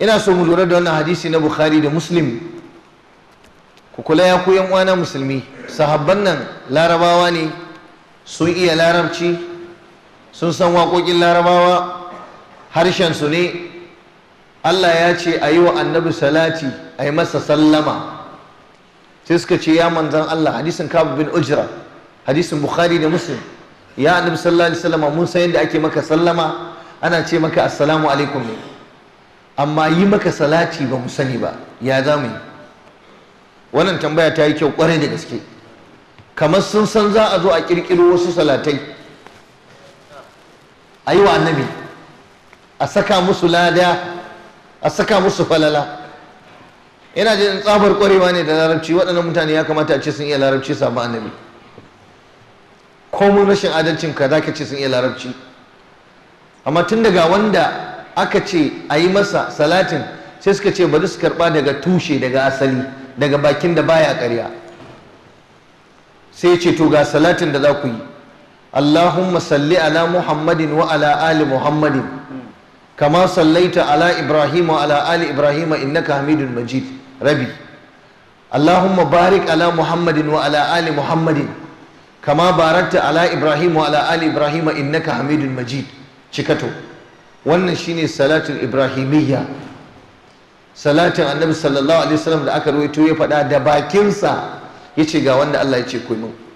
ina so mu lura da wannan hadisi na bukhari da muslim ku kula ya koyan wana musulmi sahabban nan larabawa ne sun iya larabci sun san waƙoƙin larabawa harshen su ne Allah ya ce a yi wa annabi salati a yi masa sallama sai suka ce ya manzan Allah hadisin kabu bin ujra hadisin bukhari da muslim ya annabi sallallahu alaihi wasallam mun san yadda ake maka sallama ana ce maka assalamu alaikum ne amma yi maka salati ba mu sani ba ya za yi wannan tambaya ta yi kyau kwarai da gaske kamar sun san za a zo a kirkiro wasu salatai a yi wa annabi a saka musu lada a saka musu falala ina jin tsabar kwarewa ne da larabci waɗannan mutane ya kamata a ce sun iya larabci samu annabi komun rashin adalcin ka za ka ce sun iya larabci amma tun daga wanda aka ce a yi masa salatin sai suka ce bari su karba daga tushe daga asali daga bakin da baya karya sai ce to ga salatin da za ku yi Allahumma salli ala Muhammadin wa ala ali Muhammadin kama sallaita ala Ibrahim wa ala ali Ibrahim innaka Hamidun Majid rabi Allahumma barik ala Muhammadin wa ala ali Muhammadin kama barakta ala Ibrahim wa ala ali Ibrahim innaka Hamidun Majid cikato wannan shine salatul ibrahimiyya salatin annabi sallallahu alaihi wasallam da aka rawaito ya faɗa da bakinsa yace ga wanda Allah ya ce ku min